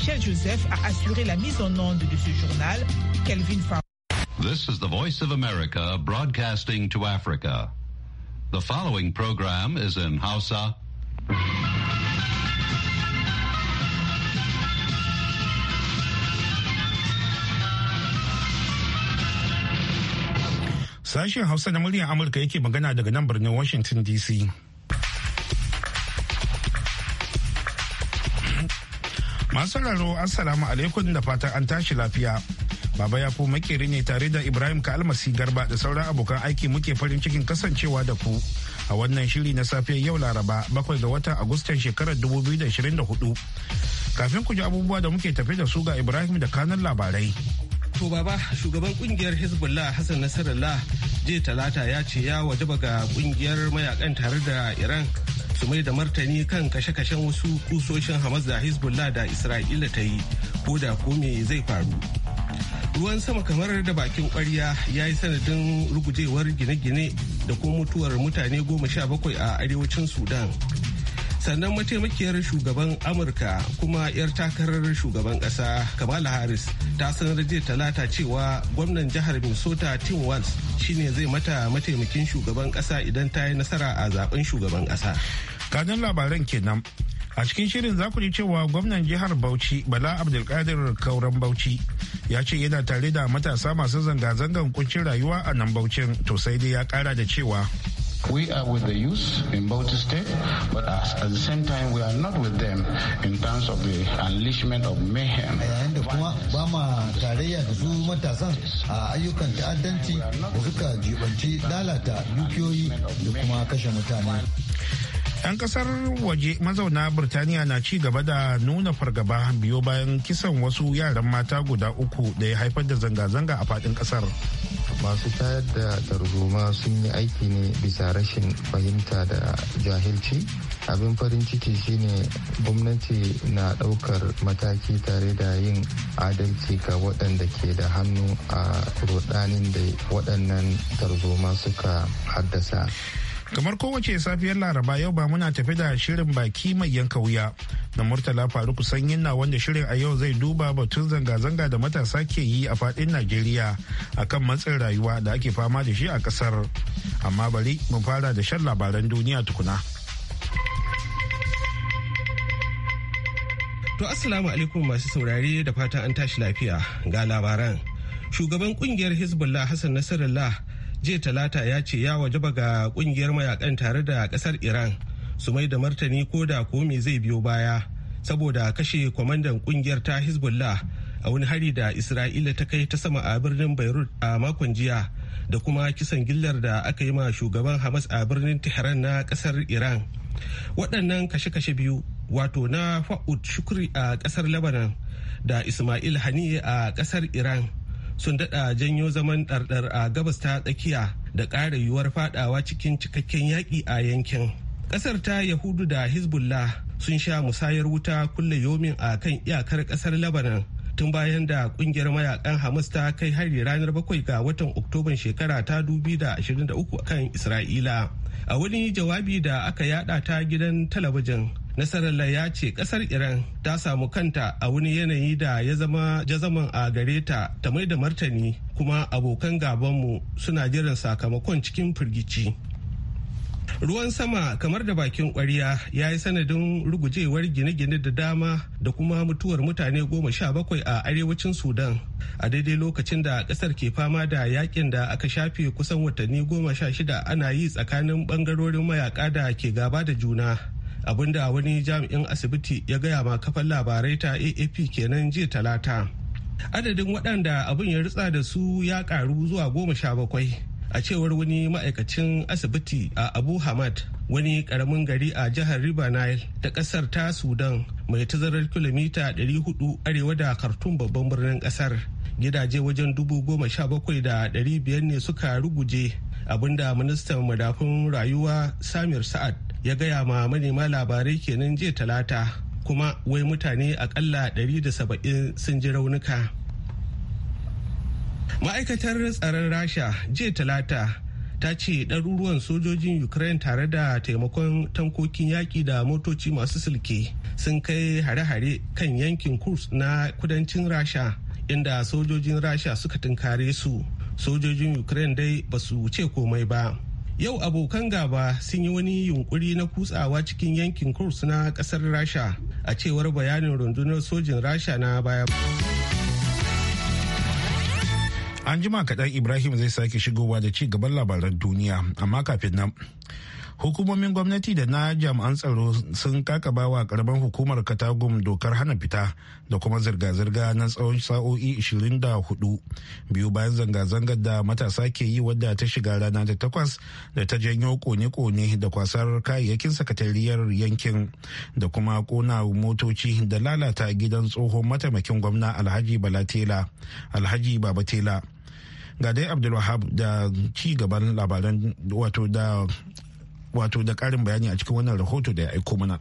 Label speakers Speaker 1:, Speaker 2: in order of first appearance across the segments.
Speaker 1: Michel Joseph a assuré la mise en onde de ce journal, Kelvin Farr. This is the Voice of America broadcasting to Africa. The following program is in Hausa.
Speaker 2: Sashen Hausa na muryar Amurka yake magana daga nan birnin Washington DC. Masu sauraro Assalamu alaikum da fatan an tashi lafiya. Baba ya ko makeri ne tare da Ibrahim ka almasi Garba da sauran abokan aiki muke farin cikin kasancewa da ku a wannan shiri na safe yau Laraba bakwai ga watan Agustan shekarar 2024. Kafin ku ji abubuwa da muke tafe da su ga Ibrahim da kanan labarai.
Speaker 3: To baba shugaban kungiyar Hezbollah Hassan Nasarallah jiya talata ya ce ya wajaba ga kungiyar mayakan tare da Iran su mai da martani kan kashe-kashen wasu kusoshin hamas da hezbollah da isra'ila ta yi ko da ko zai faru ruwan sama kamar da bakin kwarya ya yi sanadin rugujewar gine-gine da kuma mutuwar mutane goma sha bakwai a arewacin sudan sannan mataimakiyar shugaban amurka kuma 'yar takarar shugaban kasa kamala harris ta sanar jiya talata cewa gwamnan jihar minnesota tim walz shine zai mata mataimakin shugaban kasa idan ta yi nasara a zaben shugaban
Speaker 2: kasa kanin labaran kenan a cikin shirin za ku ji cewa gwamnan jihar bauchi bala abdulkadir kauran bauchi ya ce yana tare da matasa masu zanga-zangan kuncin rayuwa a nan bauchin to sai dai ya kara da cewa
Speaker 4: We are with the youth in Bauchi State, but at the same time, we are not with them in terms of the unleashment
Speaker 5: of mayhem. Yayin da kuma ba ma tarayya da su matasan a ayyukan ta'addanci da suka jibanci lalata dukiyoyi da kuma kashe mutane.
Speaker 2: 'Yan kasar waje mazauna Birtaniya na ci gaba da nuna fargaba biyo bayan kisan wasu yaran mata guda uku da ya haifar da zanga-zanga a fadin kasar.
Speaker 6: Masu tayar da tarzoma sun yi aiki ne bisa rashin fahimta da jahilci. Abin farin ciki shine gwamnati na daukar mataki tare da yin adalci ga waɗanda ke da hannu a rudanin da waɗannan tarzoma suka haddasa.
Speaker 2: kamar kowace safiyar laraba yau ba muna tafi da shirin baki mai yanka wuya na murtala faruk san na wanda shirin a yau zai duba batun zanga-zanga da matasa ke yi a fadin najeriya kan matsin rayuwa da ake fama da shi a kasar amma bari mu fara da shan labaran duniya tukuna to assalamu alaikum
Speaker 3: masu saurari da fata an tashi lafiya ga labaran shugaban kungiyar hezbollah hassan nasarallah jiya talata ya ce ya wajaba ga kungiyar mayakan tare da kasar iran su mai da martani ko da ko zai biyo baya saboda kashe kwamandan kungiyar ta hezbollah a wani hari da isra'ila ta kai ta sama a birnin beirut a makon jiya da kuma kisan gillar da aka yi ma shugaban hamas a birnin tehran na kasar iran waɗannan kashe-kashe biyu wato na fa'ud shukri a kasar lebanon da ismail haniye a kasar iran sun dada janyo zaman ɗarɗar a gabas ta tsakiya da ƙara yiwuwar fadawa cikin cikakken yaƙi a yankin ƙasar ta yahudu da hezbollah sun sha musayar wuta kulle yomin a kan iyakar ƙasar lebanon tun bayan da ƙungiyar mayakan hamas ta kai hari ranar bakwai ga watan oktoban shekara ta uku kan isra'ila a wani jawabi da aka yada ta gidan talabijin Nasarallah ya ce kasar Iran ta samu kanta a wani yanayi da ya zama jazaman a gare ta ta mai da martani kuma abokan gabanmu suna jiran sakamakon cikin firgici. Ruwan sama kamar da bakin kwariya ya yi sanadin rugujewar gine-gine da dama da kuma mutuwar mutane goma sha bakwai a arewacin Sudan a daidai lokacin da kasar ke fama da yakin da aka shafe kusan watanni goma sha shida ana yi tsakanin bangarorin mayaka da ke gaba da juna. abinda wani jami'in asibiti ya gaya ma kafan labarai ta aap kenan jiya talata adadin waɗanda abin ya ritsa da su ya karu zuwa goma sha bakwai a cewar wani ma'aikacin asibiti a abu hamad wani ƙaramin gari a jihar river nile ta ƙasar ta sudan mai tazarar kilomita 400 arewa da kartun babban birnin ƙasar gidaje wajen dubu goma sha bakwai da ɗari biyar ne suka ruguje abinda ministan madafun rayuwa samir sa'ad ya gaya ma manema labarai kenan jiya talata kuma wai mutane akalla 170 sun ji raunuka ma'aikatar tsaron rasha jiya talata ta ce ɗaruruwan sojojin ukraine tare da taimakon tankokin yaƙi da motoci masu silke sun kai hare-hare kan yankin kurs na kudancin rasha inda sojojin rasha suka tunkare su sojojin ukraine dai ba su ce komai ba yau abokan gaba sun yi wani yunkuri na kutsawa cikin yankin kurs na kasar rasha a cewar bayanin rundunar sojin rasha
Speaker 2: na baya an jima kaɗan ibrahim zai sake shigowa da ci gaban labaran duniya amma kafin nan hukumomin gwamnati da na jami'an tsaro sun kakaba wa karamin hukumar katagum dokar hana fita da kuma zirga-zirga na tsawon sa'o'i 24 biyu bayan zanga-zangar da matasa ke yi wadda ta shiga rana da takwas da ta janyo kone-kone da kwasar kayayyakin sakatariyar yankin da kuma kona motoci da lalata gidan tsohon mataimakin gwamna alhaji balatela alhaji babatela ga dai abdulwahab da ci gaban labaran wato da wato da karin bayani a cikin
Speaker 5: wannan rahoto da ya aiko mana.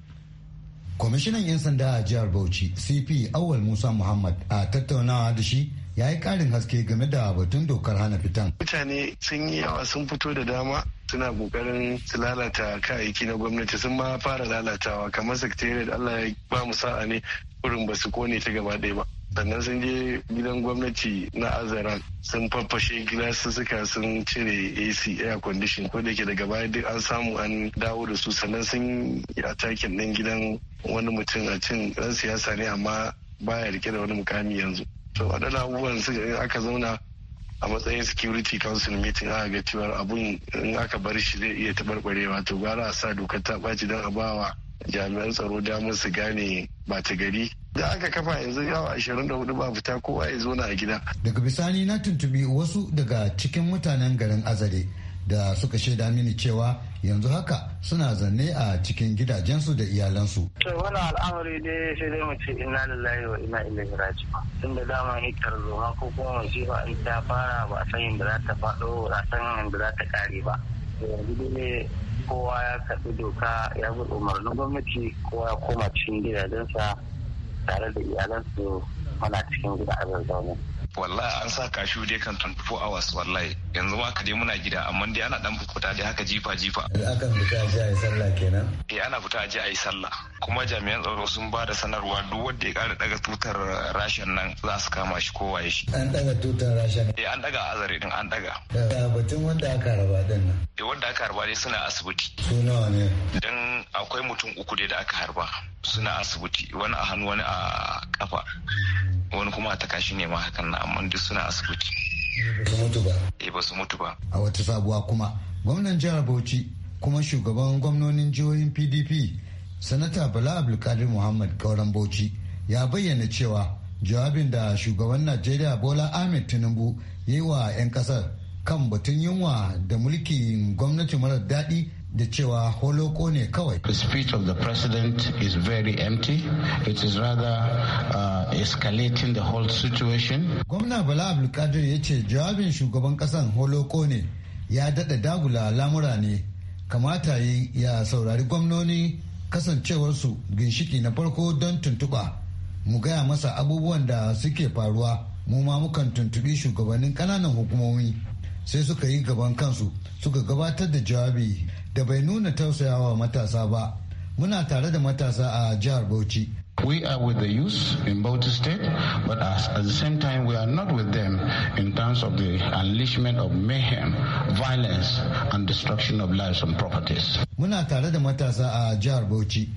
Speaker 5: kwamishinan 'yan sanda a jihar bauchi cp awal musa muhammad a tattaunawa da shi ya yi karin haske game da batun dokar hana fitan
Speaker 4: mutane sun yi yawa sun fito da dama suna kokarin su lalata kayayyaki na gwamnati sun ma fara lalatawa kamar da allah ya ba mu sa'a ne wurin ba su kone ta gaba ɗaya ba sannan sun je gidan gwamnati na azaran sun farfashe suka sun cire ac air condition ko da ke daga baya duk an samu an dawo da su sannan sun yi atakin ɗin gidan wani mutum a cin ɗan siyasa ne amma baya rike da wani mukami yanzu to waɗannan abubuwan suka aka zauna a matsayin security council meeting aka ga cewa abun in aka bar shi zai iya taɓarɓarewa to gara a sa dokar ta ɓaci don a bawa jami'an tsaro damar su gane ɓata gari
Speaker 2: da aka kafa yanzu
Speaker 4: yawa ashirin da hudu ba fita kowa ya zo na a gida.
Speaker 5: daga bisani na tuntubi wasu daga cikin mutanen garin azare da suka shaida mini cewa yanzu haka suna zanne a cikin gidajensu da iyalansu.
Speaker 6: to wani al'amari ne sai dai mu ce inna lillahi wa inna
Speaker 7: ilaihi raji'un tun da dama ni ma ko kuma masifa in ta fara ba a san yadda za ta faɗo ba a san yadda za ta kare ba yanzu dai kowa ya karɓi doka ya bi umarnin gwamnati kowa ya koma cikin gidajensa tare da iyalansu mana cikin gida a zazzaune.
Speaker 4: wallahi an sa kashu dai kan 24 hours wallahi
Speaker 8: yanzu ma ka je muna gida amma dai ana dan fita dai haka jifa jifa
Speaker 5: akan fita aje ayi sallah kenan
Speaker 8: eh ana fita a ayi sallah kuma jami'an tsaro sun ba da sanarwa duk wanda ya kara daga tutar rashin nan za su kama shi ko waye shi
Speaker 5: an daga tutar
Speaker 8: rashin eh an daga azare din an daga
Speaker 5: batun wanda aka raba din nan
Speaker 8: eh wanda aka harba dai suna asibiti su nawa ne dan akwai mutum uku da aka harba suna asibiti wani a hannu wani a kafa wani kuma a taka shi ne ma hakan na amma duk suna asibiti ba mutu ba ba su
Speaker 5: mutu ba a wata sabuwa kuma gwamnan jihar bauchi kuma shugaban gwamnonin jihohin pdp sanata bala abdulkadir muhammad gauran bauchi ya bayyana cewa jawabin da shugaban najeriya bola ahmed tinubu ya yi wa 'yan kasar kan batun yunwa da mulkin gwamnati marar daɗi da cewa holoko ne kawai.
Speaker 4: The speech of the president is very empty. It is rather uh,
Speaker 5: escalating the whole situation. Gwamna Bala Abdulkadir ya ce jawabin shugaban kasan holoko ne ya daɗa dagula lamura ne kamata yi ya saurari gwamnoni kasancewarsu ginshiki na farko don tuntuɓa. Mu gaya masa abubuwan da suke faruwa mu ma mukan tuntuɓi shugabannin ƙananan hukumomi sai suka yi gaban kansu suka gabatar da jawabi da bai nuna tausayawa matasa ba muna tare da matasa a jihar bauchi
Speaker 4: We are with the youth in Bauchi State, but as, at the same time, we are not with them in terms of the unleashment of mayhem, violence, and destruction of lives and properties.
Speaker 5: Muna tare da matasa a jihar Bauchi,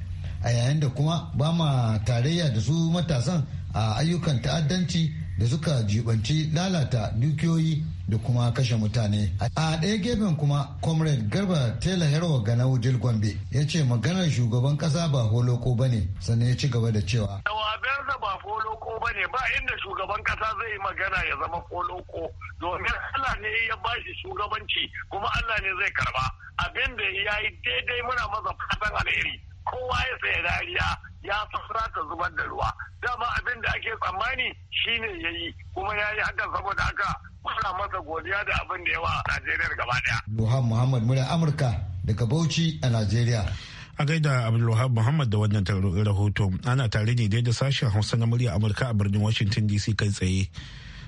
Speaker 5: a yayin da kuma ba ma tarayya da su matasan a ayyukan ta'addanci da suka jibanci lalata dukiyoyi da kuma kashe mutane. A ɗaya gefen kuma Comrade Garba Tela Hero Gana Wudil Gombe ya ce maganar shugaban ƙasa ba holoko ba ne sannan ya ci gaba da cewa. Tawagarsa ba holoko ba ne ba inda shugaban ƙasa zai
Speaker 4: yi magana ya zama holoko domin Allah ne ya ba
Speaker 7: shi shugabanci kuma Allah ne zai karba. Abin da ya yi daidai muna masa fatan alheri. Kowa ya sai dariya ya fara ta zubar da ruwa. Dama abin da ake tsammani shine ya yi kuma ya yi hakan saboda haka muna masa godiya da abin da
Speaker 2: yawa a Najeriya
Speaker 5: gaba daya. Luhan Muhammad muna Amurka daga Bauchi a Najeriya.
Speaker 2: A gaida Abdulwahab Muhammad da wannan rahoto ana tare ne dai da sashen Hausa na murya Amurka a birnin Washington DC kai tsaye.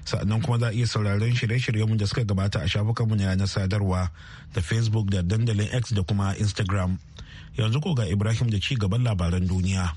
Speaker 2: sa'annan kuma za a iya sauraron shirye shiryen mu da suka gabata a shafukanmu na yanar sadarwa da facebook da dandalin x da kuma instagram yanzu ko ga ibrahim da ci gaban labaran duniya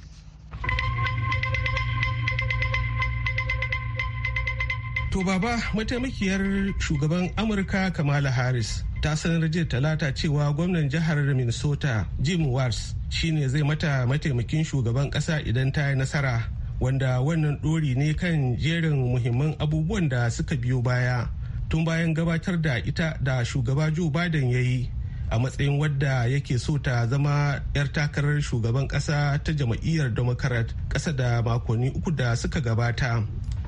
Speaker 3: To baba mataimakiyar shugaban Amurka Kamala Harris ta sanar jiya talata cewa gwamnan jihar Minnesota Jim Wars shine zai mata mataimakin shugaban kasa idan ta yi nasara wanda wannan ɗori ne kan jerin muhimman abubuwan da suka biyo baya tun bayan gabatar da ita da shugaba Joe Biden ya yi a matsayin wadda yake so ta zama 'yar takarar shugaban kasa ta jam'iyyar democrat kasa da makonni uku da suka gabata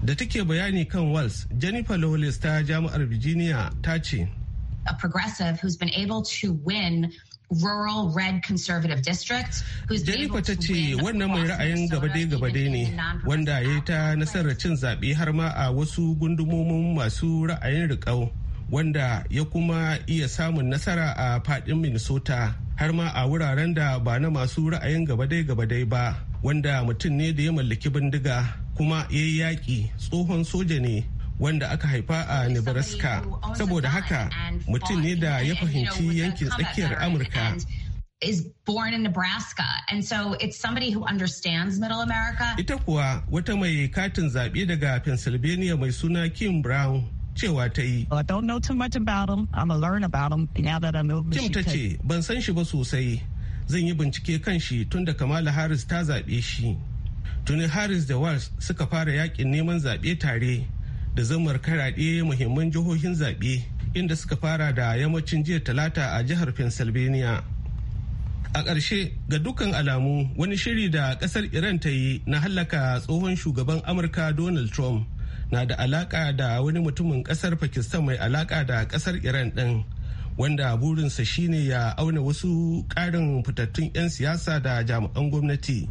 Speaker 3: da take bayani kan wals jennifer lawless ta jami'ar virginia ta ce
Speaker 1: a progressive who's been able to win rural red conservative district who's Jennifer ta ce wannan mai ra'ayin gabade-gabade ne
Speaker 3: wanda ya ta nasarar cin zaɓe har ma a wasu gundumomin masu ra'ayin riƙau wanda ya kuma iya samun nasara a faɗin Minnesota har ma a wuraren da ba na masu ra'ayin gabade-gabade ba. wanda mutum ne da ya mallaki bindiga kuma ya yi yaƙi tsohon soja ne wanda aka haifa a nebraska saboda haka mutum ne da ya fahimci yankin tsakiyar amurka
Speaker 1: is born in And so it's somebody who understands middle
Speaker 3: Ita kuwa wata mai katin zaɓe daga Pennsylvania mai suna Kim Brown cewa ta yi. I don't Kim ta ce ban san shi ba sosai. zan yi bincike kan shi tun da kamala harris ta zaɓe shi tuni harris da wals suka fara yakin neman zaɓe tare da zamar karaɗe muhimman jihohin zaɓe inda suka fara da yammacin jiya talata a jihar pennsylvania a ƙarshe ga dukkan alamu wani shiri da ƙasar iran ta yi na hallaka tsohon shugaban amurka donald trump na da alaƙa da wani mutumin ƙasar pakistan mai alaƙa da ƙasar iran ɗin wanda burinsa shine ya auna wasu karin fitattun 'yan siyasa da jami'an gwamnati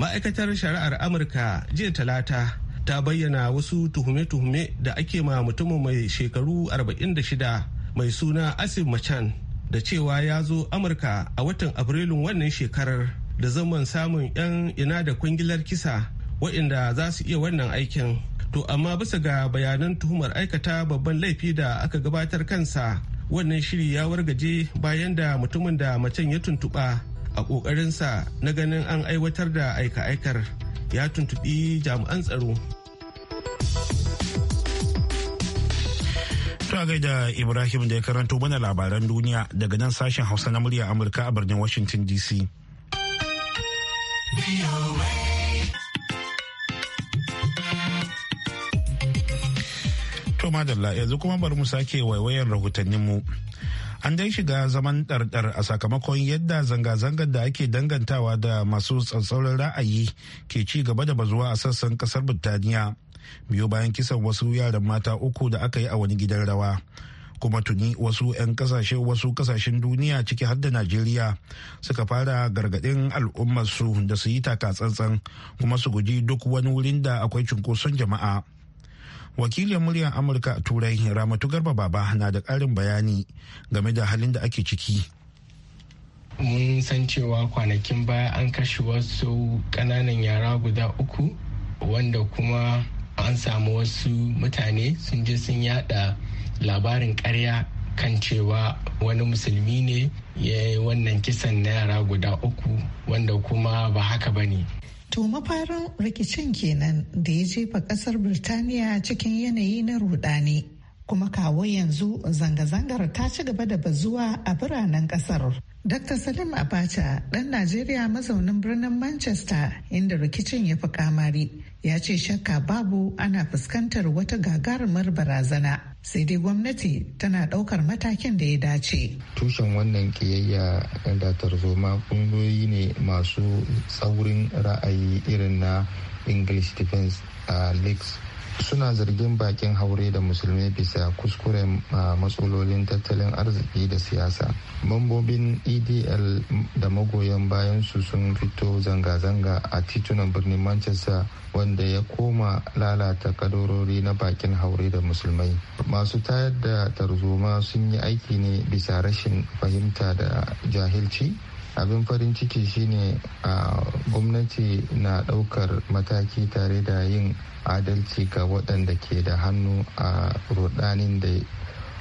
Speaker 3: ma'aikatar shari'ar amurka jiya talata ta bayyana wasu tuhume-tuhume da ake ma mutumin mai shekaru 46 mai suna asim machan da cewa ya zo amurka a watan afrilun wannan shekarar da zaman samun 'yan ina da kwangilar kisa waɗanda za su iya wannan aikin to amma bisa ga bayanan tuhumar aikata babban laifi da aka gabatar kansa wannan shiri ya wargaje bayan da mutumin da macen ya tuntuɓa a ƙoƙarinsa na ganin an aiwatar da aika-aikar ya tuntuɓi jami'an tsaro.
Speaker 2: Ta gaida Ibrahim da ya karanto mana labaran duniya daga nan sashen Hausa na murya Amurka a birnin Washington DC. da madalla yanzu kuma bari mu sake rahotannin mu. An dai shiga zaman ɗarɗar a sakamakon yadda zanga-zangar da ake dangantawa da masu tsatsauran ra'ayi ke ci gaba da bazuwa a sassan ƙasar Birtaniya. Biyo bayan kisan wasu yaran mata uku da aka yi a wani gidan rawa. kuma tuni wasu 'yan kasashe wasu kasashen duniya ciki har da najeriya suka fara gargaɗin al'ummarsu da su yi taka tsantsan kuma su guji duk wani wurin da akwai cunkoson jama'a wakilin muryar amurka a turai ramatu garba baba na da ƙarin bayani game da halin da ake ciki mun san cewa
Speaker 4: kwanakin
Speaker 7: baya an kashe wasu ƙananan yara guda uku wanda kuma an samu wasu mutane sun je sun yada labarin karya kan cewa wani musulmi ne ya yi wannan kisan na yara guda uku
Speaker 4: wanda kuma ba haka ba ne
Speaker 1: To mafarin rikicin kenan da ya jefa kasar Birtaniya cikin yanayi na rudani. Kuma kawo yanzu zanga-zangar ta ci gaba da bazuwa a biranen kasar. Dr. Salim Abacha, ɗan Najeriya mazaunin birnin Manchester inda rikicin ya fi kamari, ya ce shakka babu ana fuskantar wata gagarumar barazana. sai dai gwamnati tana ɗaukar matakin da ya dace.
Speaker 6: Tushen wannan ƙiyayya da tarzoma ƙungiyoyi ne masu tsaurin ra'ayi irin na English Defense uh, Leagues suna zargin bakin haure da musulmi bisa kuskure a matsalolin tattalin arziki da siyasa mambobin edl da magoyan bayansu sun fito zanga-zanga a titunan birnin manchester wanda ya koma lalata kadorori na bakin haure da musulmai masu tayar da tarzoma sun yi aiki ne bisa rashin fahimta da jahilci abin farin ciki shine a gwamnati na daukar mataki tare da yin adalci ga waɗanda ke da hannu a rudanin da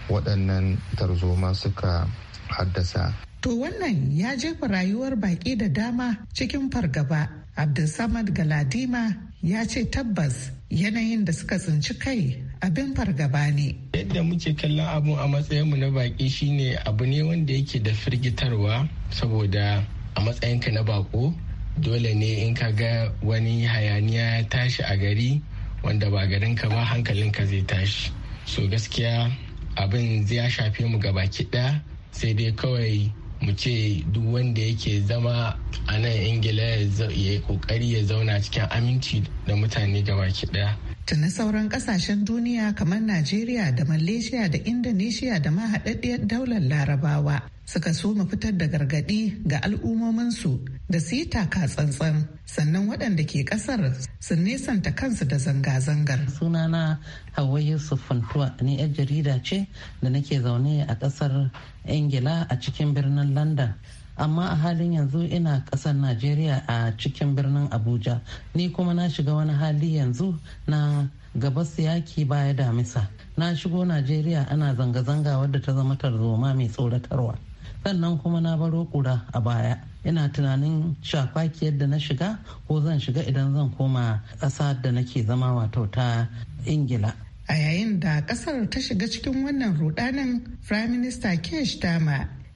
Speaker 6: waɗannan tarzoma suka haddasa
Speaker 1: to wannan ya jefa rayuwar baƙi da dama cikin fargaba abdulsamad galadima ya ce tabbas yanayin da suka tsinci kai abin fargaba ne.
Speaker 7: Yadda muke kallon abu a matsayinmu na baƙi shine abu ne wanda yake da firgitarwa saboda a matsayinka na baƙo dole ne in ka ga wani hayaniya ya tashi a gari wanda ba garinka ba hankalinka zai tashi. So gaskiya abin zai shafe mu gaba kiɗa sai dai kawai mu ce duk wanda yake zama a nan ingila ya yi kokari ya zauna cikin aminci da mutane gabaki daya
Speaker 1: Tuni sauran kasashen duniya kamar Najeriya da Malaysia da Indonesia da ma haɗaɗɗiyar daular larabawa suka so mu fitar da gargaɗi ga al'ummominsu da su yi taka tsantsan sannan waɗanda ke ƙasar su nesanta kansu da zanga-zangar. Sunana Hauwa Yusuf Fantuwa ne yar jarida ce da nake zaune a ƙasar Ingila a cikin birnin London. amma a halin yanzu ina ƙasar najeriya a cikin birnin abuja ni kuma na shiga wani hali yanzu na gabas yaki baya damisa na shigo najeriya ana zanga-zanga wadda ta zama tarzoma mai tsoratarwa sannan kuma na baro ƙura a baya ina tunanin shafaki yadda na shiga ko zan shiga idan zan koma ƙasa da nake zama wato ta ingila a yayin da ƙasar ta shiga cikin wannan rudanin Firaminista minister kesh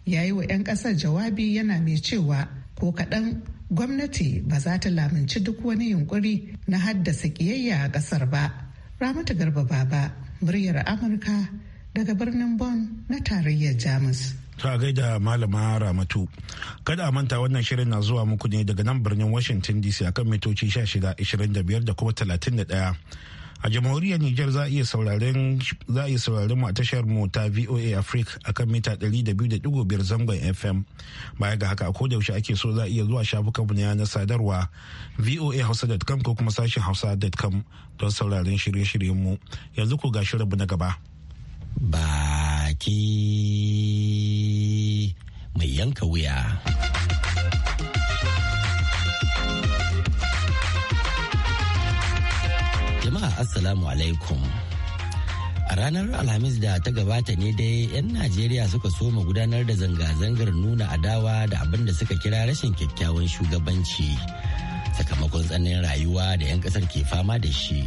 Speaker 1: ya yi wa 'yan ƙasar jawabi yana mai cewa ko kaɗan gwamnati ba za ta lamunci duk wani yunkuri na haddasa ƙiyayya a ƙasar ba. Ramatu Garba Baba, muryar Amurka daga birnin bon na tarayyar Jamus.
Speaker 2: ta gaida malama ramatu kada a manta wannan shirin na zuwa muku ne daga nan birnin washington dc akan mitoci 16 25 da kuma 31 a jamhuriyar Nijar za a iya sauraren mu a tashar mu ta VOA Africa a kan mita 200.5 zangon FM. Baya ga haka ko yaushe ake so za a iya zuwa shafukan mu na sadarwa voahausa.com ko kuma sashen hausa.com don sauraren shirye-shiryen mu. Yanzu ko ga shirinmu na gaba. Baki mai yanka wuya.
Speaker 7: assalamu alaikum a ranar alhamis da ta gabata ne dai 'yan najeriya suka soma gudanar da zanga-zangar nuna adawa da abin da suka kira rashin kyakkyawan shugabanci sakamakon tsananin rayuwa da 'yan kasar ke fama da shi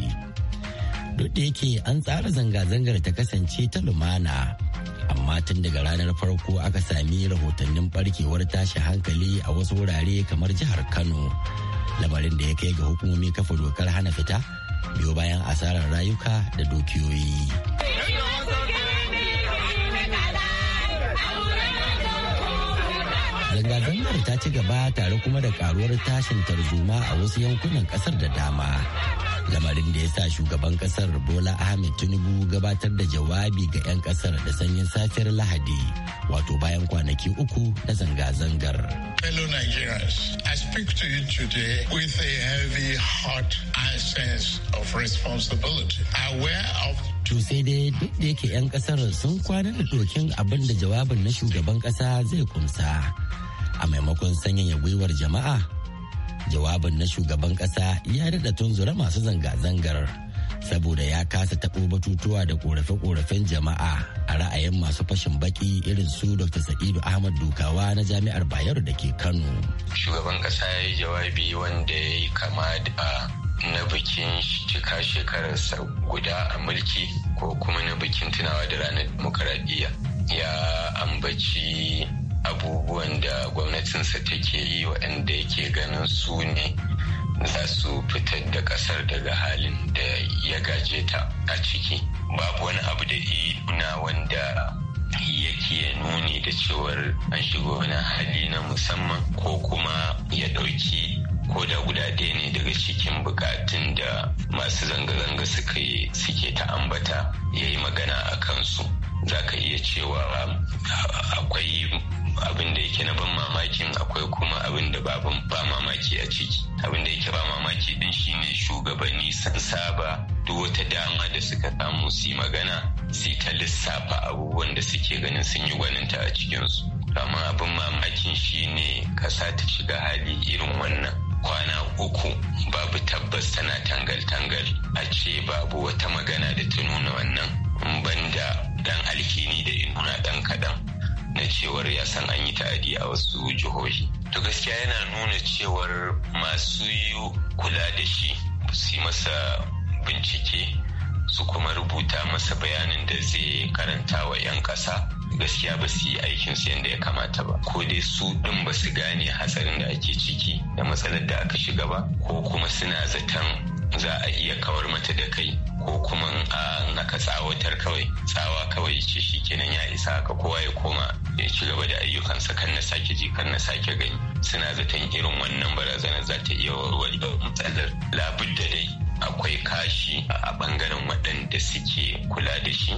Speaker 7: duk da yake an tsara zanga-zangar ta kasance ta lumana amma tun daga ranar farko aka sami rahotannin barkewar tashi hankali a wasu wurare kamar jihar kano lamarin da ya kai ga hukumomi kafa dokar hana fita biyo bayan asarar rayuka da dukiyoyi. Zanga-zangar ta ci gaba tare kuma da karuwar tashin tarzoma a wasu yankunan kasar da dama lamarin da ya sa shugaban kasar bola ahmed tinubu gabatar da jawabi ga 'yan kasar da sanyin safiyar lahadi wato bayan kwanaki uku na zanga-zangar
Speaker 4: Nigerians, I speak to you a heavy heart and sense of
Speaker 7: responsibility, aware of To sai dai duk da yake 'yan kasar sun kwana da dokin abin da jawabin na shugaban kasa zai kumsa. A maimakon sanyaya gwiwar jama'a, jawabin na shugaban kasa ya daɗa tunzura masu zanga-zangar saboda ya kasa taɓo batutuwa da ƙorafe-ƙorafen jama'a a ra'ayin masu fashin baki irin su dr sa'idu ahmad dukawa na jami'ar bayero da ke kano shugaban
Speaker 8: kasa ya yi jawabi wanda ya yi kama da na bikin cika shekararsa guda a mulki ko kuma na bikin tunawa da ranar demokaradiyya ya ambaci abubuwan da gwamnatinsa take yi waɗanda yake ganin su ne za su fitar da ƙasar daga halin da ya gaje ta a ciki babu wani abu da nuna wanda yake nuni da cewar an shigo wani hali na musamman ko kuma ya ɗauki ko da guda ɗaya ne daga cikin bukatun da masu zanga-zanga suke ta ambata ya yi magana a kansu za ka iya cewa um, akwai abin da yake na ban mamakin akwai kuma abin da ba mamaki a ciki abin da yake ba mamaki din shine shugabanni sun saba duk wata dama da suka samu su magana sai ta lissafa abubuwan da suke ganin sun yi gwaninta a cikinsu amma abin mamakin shine kasa ta shiga hali irin wannan kwana uku babu tabbas tana tangal-tangal a ce babu wata magana da ta nuna wannan banda dan alkini da inuna dan kadan na cewar ya san an yi ta'adi a wasu jihohi to gaskiya yana nuna cewar masu yi kula da shi su masa bincike su kuma rubuta masa bayanin da zai karanta wa 'yan ƙasa gaskiya ba su yi aikinsu yadda ya kamata ba ko dai su ɗin ba su gane hatsarin da ake ciki da matsalar da aka shiga ba ko kuma suna zaton za a iya kawar mata da kai ko kuma na ka tsawatar kawai tsawa kawai ce shi kenan ya isa ka kowa ya koma ya ci gaba da ayyukansa kan na sake ji kan na sake gani suna zaton irin wannan barazanar za ta iya da matsalar labudda dai akwai kashi a bangaren waɗanda suke kula da shi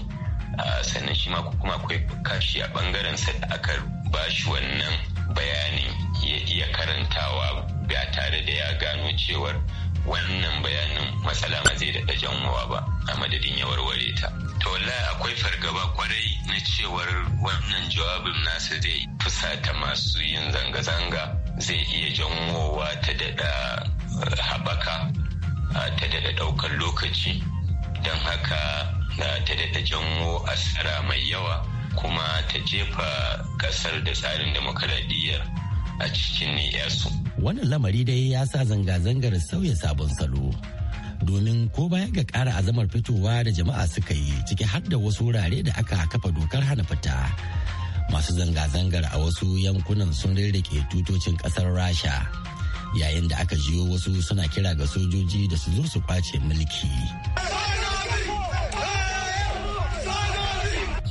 Speaker 8: sannan shi ma kuma akwai kashi a bangaren sa da aka ba shi wannan bayanin ya iya karantawa ba tare da ya gano cewar wannan bayanin matsala ma zai daɗa janwa ba a madadin ya warware ta. To wallahi akwai fargaba kwarai na cewar wannan jawabin nasu zai fusata masu yin zanga-zanga zai iya janwowa ta daɗa eh, haɓaka ta daɗa ɗaukar lokaci don haka ta daɗa janwo asara mai yawa kuma ta jefa kasar da tsarin demokradiyya a cikin niyasu.
Speaker 7: Wannan lamari dai ya sa zanga-zangar sauya sabon salo. Domin ko baya ga ƙara azamar fitowa da jama'a suka yi ciki har da wasu wurare da aka kafa dokar hana fita. Masu zanga-zangar a wasu yankunan sun rirrike tutocin ƙasar Rasha. Yayin da aka jiyo wasu suna kira ga sojoji da su zo su kwace mulki.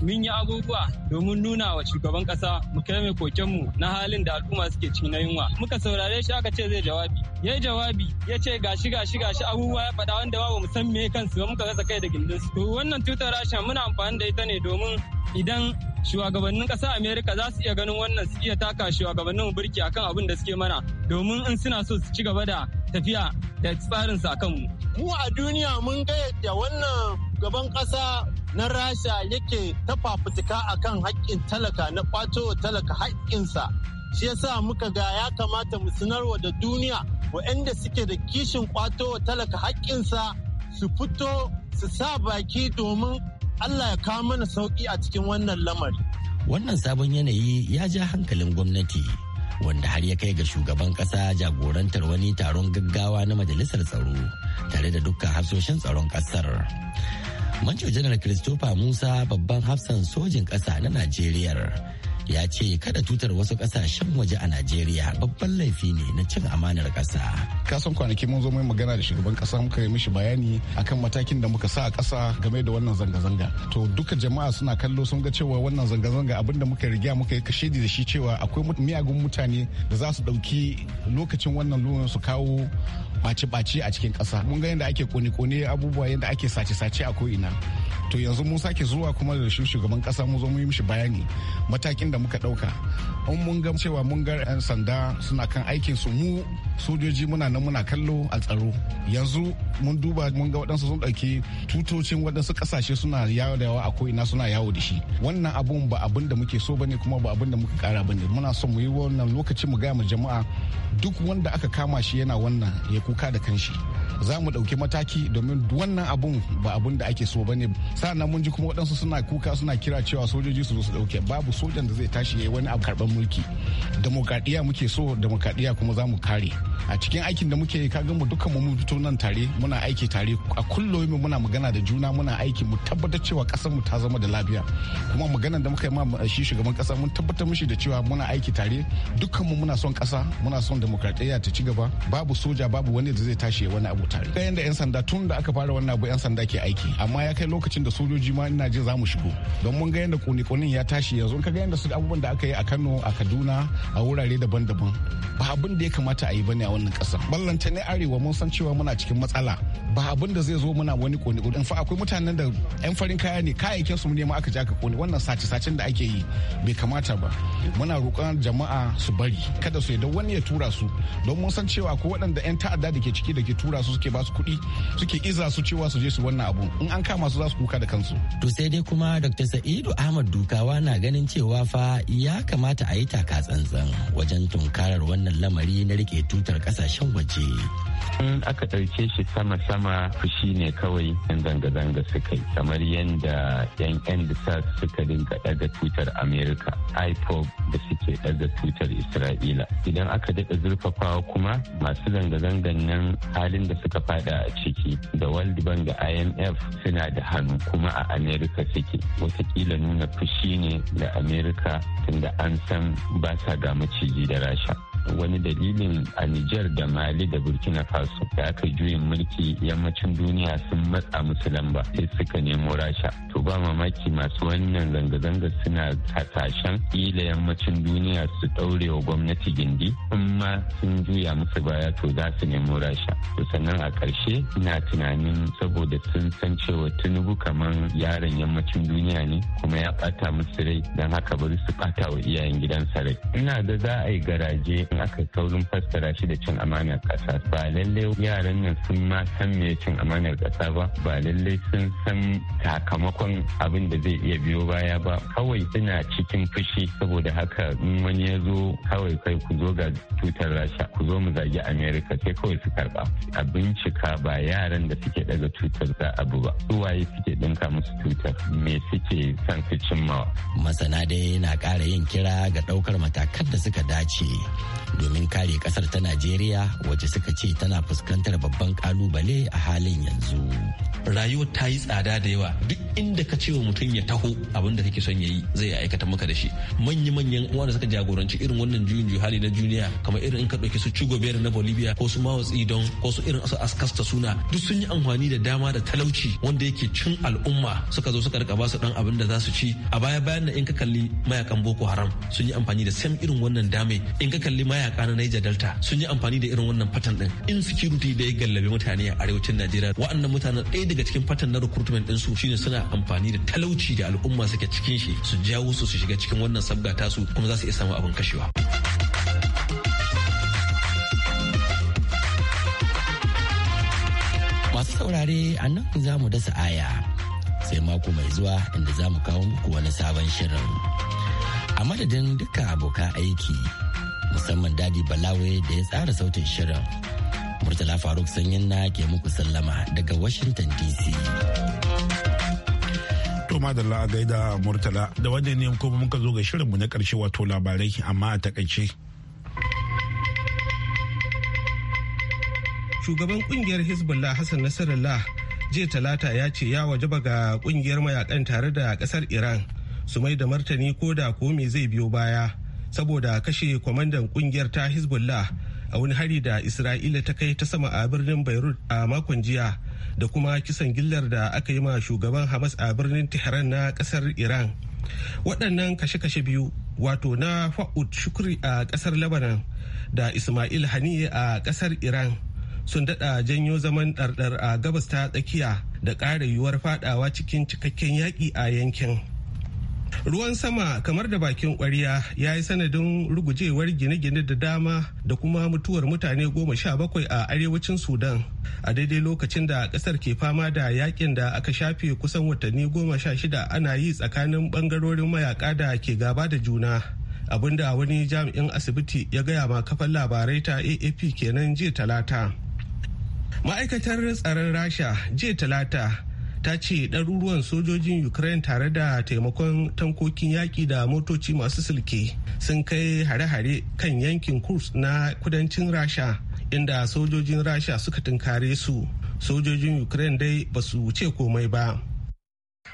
Speaker 7: mun yi abubuwa
Speaker 9: domin nuna wa shugaban kasa mu kai mai kokenmu na halin da al'umma suke ciki na yunwa muka saurare shi aka ce zai jawabi ya yi jawabi ya ce gashi gashi gashi abubuwa ya faɗa wanda ba mu san me kansu ba muka rasa kai da gindin su to wannan tutar rasha muna amfani da ita ne domin idan shugabannin ƙasar amerika za su iya ganin wannan su iya taka shugabannin birki akan abin da suke mana domin in suna so su ci gaba da tafiya da tsarinsa a kanmu.
Speaker 4: Mu a duniya mun ga
Speaker 3: yadda wannan gaban ƙasa na rasha yake ta fafutuka a kan haƙƙin talaka na ƙwato talaka haƙƙinsa. Shi yasa muka ga ya kamata mu sanarwa da duniya waɗanda suke da kishin ƙwato talaka haƙƙinsa su fito
Speaker 7: su sa baki domin Allah ya kawo mana sauƙi a cikin wannan lamari. Wannan sabon yanayi ya ja hankalin gwamnati. wanda har ya kai ga shugaban kasa jagorantar wani taron gaggawa na majalisar tsaro tare da dukkan hafsoshin tsaron kasar. Manco janar Christopher Musa babban hafsan sojin kasa na Najeriya ya ce kada tutar wasu kasashen waje a najeriya babban laifi ne na cin amanar kasa
Speaker 4: kasan kwanaki mun zo mai magana da shugaban kasa muka yi mishi bayani akan matakin da muka sa a kasa game da wannan zanga-zanga to duka jama'a suna kallo sun ga cewa wannan zanga-zanga abinda muka riga muka yi kashedi da shi cewa akwai miyagun mutane da za su dauki lokacin wannan lunan su kawo ɓaci-ɓaci a cikin ƙasa mun ga yadda ake kone-kone abubuwa yadda ake sace-sace a ko'ina to yanzu mun sake zuwa kuma da shi shugaban kasa mu zo mu yi mishi bayani matakin da muka dauka in mun ga cewa mun ga yan sanda suna kan aikin su mu sojoji muna nan muna kallo a tsaro yanzu mun duba mun ga waɗansu sun ɗauki tutocin waɗansu ƙasashe suna yawo da yawa a ko'ina suna yawo da shi wannan abun ba abin da muke so bane kuma ba abin da muka kara bane muna so mu yi wannan lokaci mu gaya mu jama'a duk wanda aka kama shi yana wannan ya kuka da kanshi za mu ɗauki mataki domin wannan abun ba abun da ake so bane sannan mun ji kuma waɗansu suna kuka suna kira cewa sojoji su zo su ɗauke babu sojan da zai tashi ya yi wani abu karɓar mulki demokradiyya muke so demokradiyya kuma za mu kare a cikin aikin da muke ka kaga mu dukkan mu fito nan tare muna aiki tare a kullum muna magana da juna muna aiki mu tabbatar cewa kasar mu ta zama da lafiya kuma magana da muka yi ma shi shugaban kasa mun tabbatar mishi da cewa muna aiki tare dukkan mu muna son kasa muna son demokradiyya ta ci gaba babu soja babu wani da zai tashi wani abu tare ga yanda yan sanda tun da aka fara wannan abu yan sanda ke aiki amma ya kai lokacin da sojoji ma ina za zamu shigo don mun ga yanda kuni kunin ya tashi yanzu ka ga yanda su abubuwan da aka yi a Kano a Kaduna a wurare daban-daban ba abin da ya kamata a yi bane a wannan kasar ballanta ne arewa mun san cewa muna cikin matsala ba abin da zai zo muna wani kone kone fa akwai mutanen da yan farin kaya ne kayayyakin su ne ma aka ja ka kone wannan sace sacen da ake yi bai kamata ba muna roƙon jama'a su bari kada su yadda wani ya tura su don mun san cewa ko waɗanda yan ta'adda da ke ciki da ke tura su suke ba su kuɗi suke iza su cewa su je su
Speaker 7: wannan abu in an kama su za su kuka da kansu to sai dai kuma dr sa'idu ahmad dukawa na ganin cewa fa ya kamata a yi taka tsantsan wajen tunkarar wannan lamari na rike tutar daga kasashen waje.
Speaker 9: in aka ɗauke shi sama-sama fushi ne kawai yan zanga-zanga suka yi kamar yadda yan yan da suka dinga ɗaga tutar amerika ipob da suke ɗaga tutar isra'ila idan aka daɗa zurfafawa kuma masu zanga-zangan nan halin da suka fada a ciki da world bank da imf suna da hannu kuma a amerika suke watakila nuna fushi ne da amerika tunda an san ba sa ga maciji da rasha wani dalilin a Nijar da Mali da Burkina Faso da aka juyin mulki yammacin duniya sun matsa musu lamba sai suka nemo Rasha. To ba mamaki masu wannan zanga-zanga suna hasashen ila yammacin duniya su ɗaure wa gwamnati gindi in ma sun juya musu baya to za su nemo Rasha. To sannan a ƙarshe ina tunanin saboda sun san cewa Tinubu kamar yaron yammacin duniya ne kuma ya ɓata musu rai don haka bari su ɓata wa iyayen gidansa rai. Ina da za a yi garaje cin aka saurin fassara shi da cin amanar ƙasa ba lalle yaran nan sun ma san me cin amanar ƙasa ba ba lalle sun san sakamakon abin da zai iya biyo baya ba kawai suna cikin fushi saboda haka in wani ya zo kawai kai ku zo ga tutar rasha ku zo mu zagi america sai kawai su karba a bincika ba yaran da suke daga tutar za abu ba su waye suke dinka musu tutar me suke san su cimmawa
Speaker 7: masana dai na ƙara yin kira ga ɗaukar matakan da suka dace domin kare kasar ta Najeriya wacce suka ce tana fuskantar babban kalubale a halin yanzu.
Speaker 3: Rayuwar ta yi tsada da yawa duk inda ka ce wa mutum ya taho abin da kake son ya yi zai aikata maka da shi. Manya-manyan wanda suka jagoranci irin wannan juyin juyi hali na duniya kamar irin in ka ɗauki su Chugo na Bolivia ko su Mao Zedong ko su irin su Askasta suna duk sun yi amfani da dama da talauci wanda yake cin al'umma suka zo suka rika ba su dan abin da za su ci a baya bayan in ka kalli mayakan Boko Haram sun yi amfani da sam irin wannan dame in ka kalli kana na Niger Delta sun yi amfani da irin wannan fatan din insecurity da ya gallabe mutane a arewacin Najeriya waɗannan mutanen ɗaya daga cikin fatan na recruitment din su shine suna amfani da talauci da al'umma suke cikin shi su jawo su su shiga cikin wannan sabga su kuma za su iya samu abin kashewa.
Speaker 7: masu saurare a nan za mu dasa aya sai mako mai zuwa inda za mu kawo muku wani sabon shirin a madadin duka aboka aiki musamman dadi balawe da ya tsara sautin shirin murtala faruk sanyin na ke muku sallama daga washington dc
Speaker 2: to da a da murtala da wannan ne kuma muka zo ga shirinmu na karshe wato labarai amma a takaice
Speaker 3: shugaban kungiyar hezbollah hassan nasarallah jiya talata ya ce ya wajaba ga kungiyar mayakan tare da kasar iran su mai da martani ko da ko me zai biyo baya saboda kashe kwamandan kungiyar ta hezbollah a wani hari da isra'ila ta kai ta sama a birnin beirut a makon jiya da kuma kisan gillar da aka yi ma shugaban hamas a birnin tehran na kasar iran waɗannan kashe-kashe biyu wato na fa'ud shukri a kasar lebanon da ismail haniye a kasar iran sun daɗa janyo zaman ɗarɗar a gabas ta tsakiya da ƙara yiwuwar fadawa cikin cikakken yaƙi a yankin. ruwan sama kamar da bakin kwarya ya yi sanadin rugujewar gine-gine da dama da kuma mutuwar mutane goma sha bakwai a arewacin sudan a daidai lokacin da kasar ke fama da yakin da aka shafe kusan watanni goma sha shida ana yi tsakanin bangarorin mayaka da ke gaba da juna abinda wani jami'in asibiti ya gaya ma kafan labarai ta aap kenan jiya talata ma'aikatar tsaron rasha jiya talata ta ce ɗaruruwan sojojin ukraine tare da taimakon tankokin yaƙi da motoci masu silke sun kai hare-hare kan yankin kurs na kudancin rasha inda sojojin rasha suka tunkare su sojojin ukraine dai ba su ce komai ba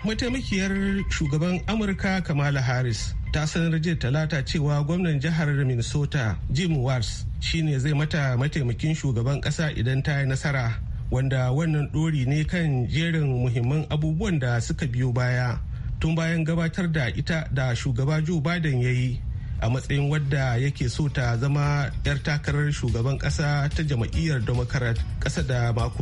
Speaker 3: mataimakiyar shugaban amurka kamala harris ta sanar jiya talata cewa gwamnan jihar minnesota jim wars shine zai mata mataimakin shugaban kasa idan ta yi nasara wanda wannan ɗori ne kan jerin muhimman abubuwan da suka biyo baya tun bayan gabatar da ita da shugaba Joe Biden ya yi a matsayin wadda yake so ta zama 'yar takarar shugaban
Speaker 2: kasa ta jama'iyyar Democrat ƙasa da mako.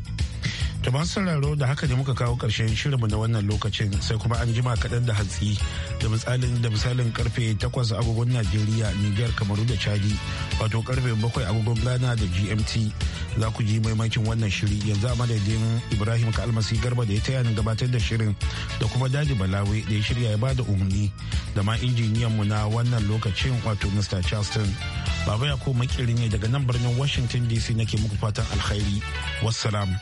Speaker 2: ta masu sauraro da haka ne muka kawo ƙarshen shirinmu na wannan lokacin sai kuma an jima kaɗan da hatsi da misalin da misalin karfe 8 agogon Najeriya, niger Kamaru da Chadi wato karfe 7 agogon Ghana da GMT za ku ji maimakin wannan shiri yanzu a madadin Ibrahim ka almasi Garba da ya taya ni gabatar da shirin da kuma Dadi Balawe da ya shirya ya ba da umarni da ma injiniyan mu na wannan lokacin wato Mr. Charleston. Baba ya ko makirin ne daga nan birnin Washington DC nake muku fatan alkhairi. Wassalam.